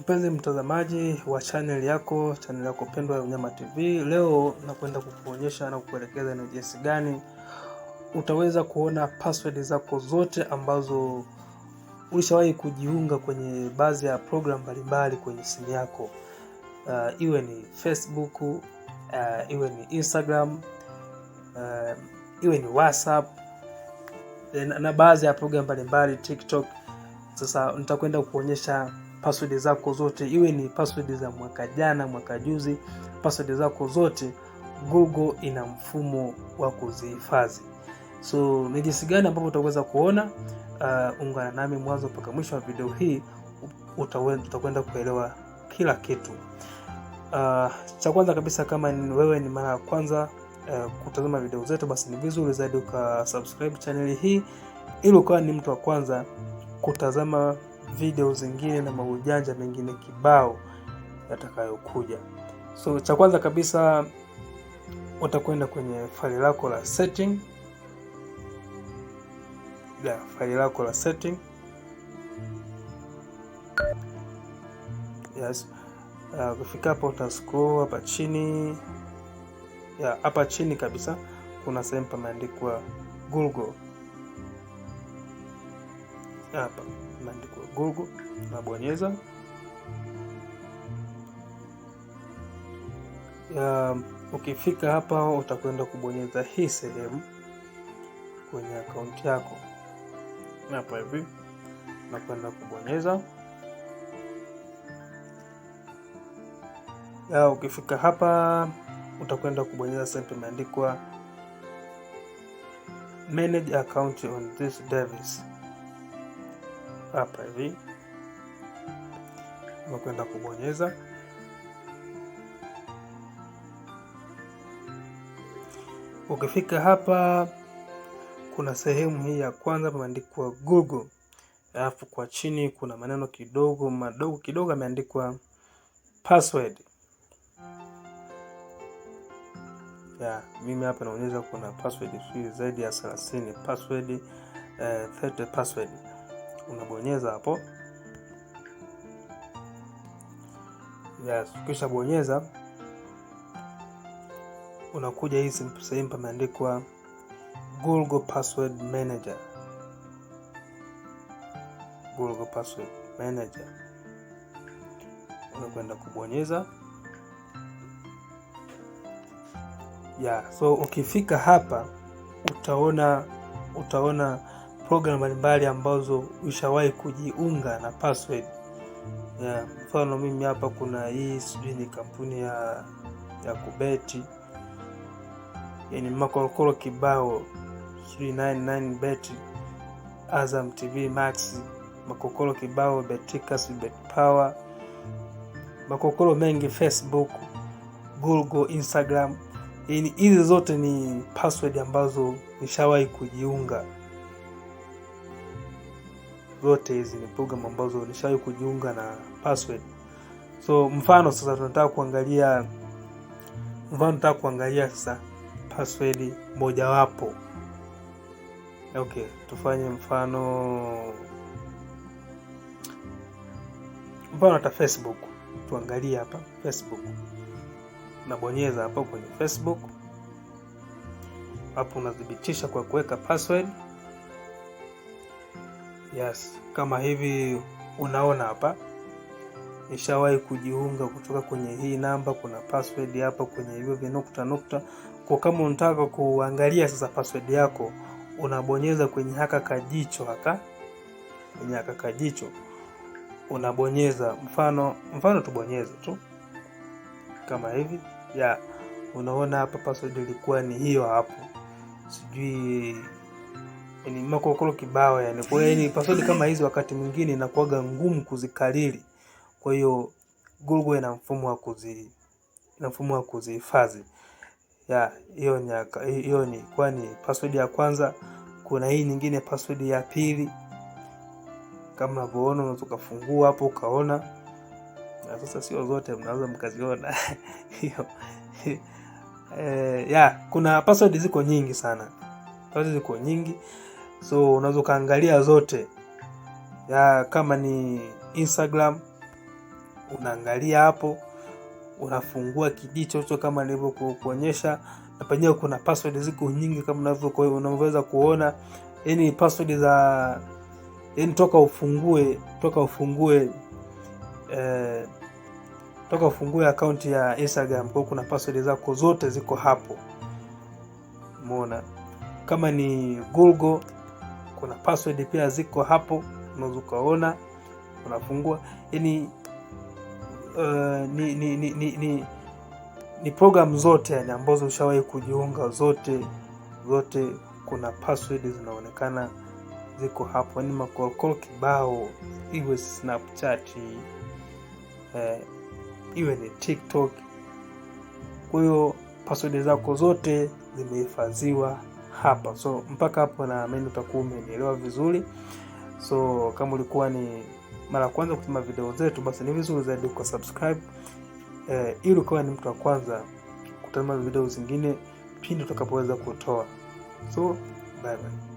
Mpenzi mtazamaji wa chaneli yako chaneli yako pendwa ya Unyama TV, leo nakwenda kukuonyesha na kukuelekeza ni jinsi gani utaweza kuona password zako zote ambazo ulishawahi kujiunga kwenye baadhi ya program mbalimbali kwenye simu yako. Uh, iwe ni Facebook, uh, iwe ni Instagram, uh, iwe ni WhatsApp eh, na, na baadhi ya program mbalimbali TikTok. Sasa nitakwenda kukuonyesha password zako zote, iwe ni password za mwaka jana, mwaka juzi, password zako zote Google ina mfumo wa kuzihifadhi. So ni jinsi gani ambapo utaweza kuona? Uh, ungana nami mwanzo mpaka mwisho wa video hii, utakwenda kuelewa kila kitu. Uh, cha kwanza kabisa, kama ni wewe ni mara ya kwanza uh, kutazama video zetu, basi ni vizuri zaidi uka subscribe channel hii ili ukawa ni mtu wa kwanza kutazama video zingine na maujanja mengine kibao yatakayokuja. So cha kwanza kabisa utakwenda kwenye faili lako la setting ya faili lako la setting yes. Uh, ah, kufika hapa uta scroll hapa chini ya hapa chini kabisa kuna sehemu pameandikwa Google hapa imeandikwa Google, nabonyeza um, ukifika hapa utakwenda kubonyeza hii sehemu kwenye akaunti yako hapa hivi, nakwenda kubonyeza ya, ukifika hapa utakwenda kubonyeza sehemu imeandikwa manage account on this device hapa hivi, unakwenda kubonyeza Ukifika hapa kuna sehemu hii ya kwanza pameandikwa Google, alafu kwa chini kuna maneno kidogo madogo kidogo yameandikwa password ya mimi hapa naonyesha kuna password zaidi ya 30 password, eh, 30 password unabonyeza hapo yes. Ukisha bonyeza unakuja hii sehemu pameandikwa Google Password Manager. Google Password Manager unakwenda kubonyeza ya yeah. So ukifika hapa utaona utaona program mbalimbali ambazo ushawahi kujiunga na password. Mfano yeah, mimi hapa kuna hii sijui ni kampuni ya ya kubeti yani makorokoro kibao, 399 99 bet, Azam TV Max, makokoro kibao, Beticas, Bet Power, makokoro mengi, Facebook, Google, Instagram. Yani hizi zote ni password ambazo nishawahi kujiunga zote hizi ni program ambazo nishawahi kujiunga na password. So mfano sasa tunataka kuangalia mfano tunataka kuangalia sasa password mojawapo. Okay, tufanye mfano mfano hata Facebook. Tuangalie hapa Facebook. Nabonyeza hapo kwenye Facebook. Hapo unadhibitisha kwa kuweka password. Yes, kama hivi unaona hapa nishawahi kujiunga kutoka kwenye hii namba. Kuna password hapa kwenye hivyo vinukta nukta. Kwa kama unataka kuangalia sasa password yako, unabonyeza kwenye haka kajicho haka, kwenye haka kajicho unabonyeza mfano, mfano tubonyeze tu kama hivi ya, unaona hapa password ilikuwa ni hiyo hapo, sijui ni yaani, makokoro kibao yani. Kwa hiyo ni yaani, password kama hizi wakati mwingine inakuwaga ngumu kuzikariri. Kwa hiyo Google ina mfumo wa kuzi ina mfumo wa kuzihifadhi. Ya, hiyo ni hiyo ni kwani password ya kwanza kuna hii nyingine password ya pili. Kama unavyoona unaweza kufungua hapo ukaona. Na sasa sio zote mnaweza mkaziona. Hiyo. Eh, ya, kuna password ziko nyingi sana. Password ziko nyingi so unaweza ukaangalia zote ya kama ni Instagram unaangalia hapo, unafungua kijicho hicho kama nilivyokuonyesha, na penyewe kuna password ziko nyingi kama unavyoweza kuona, yani password za yani toka ufungue toka ufungue eh, toka ufungue akaunti ya Instagram kwa kuna password zako zote ziko hapo. Umeona kama ni Google kuna password pia ziko hapo, unaweza ukaona, unafungua yani uh, eh, ni, ni, ni, ni, ni, ni program zote yani ambazo ushawahi kujiunga zote zote, kuna password zinaonekana ziko hapo, yani makorokoro kibao, iwe Snapchat eh, iwe ni TikTok. Kwa hiyo password zako zote zimehifadhiwa hapa. So mpaka hapo naamini utakuwa umenielewa vizuri. So kama ulikuwa ni mara ya kwanza kutuma video zetu, basi ni vizuri zaidi kwa subscribe eh, ili ukawa ni mtu wa kwanza kutazama video zingine pindi tutakapoweza kutoa. So bye bye.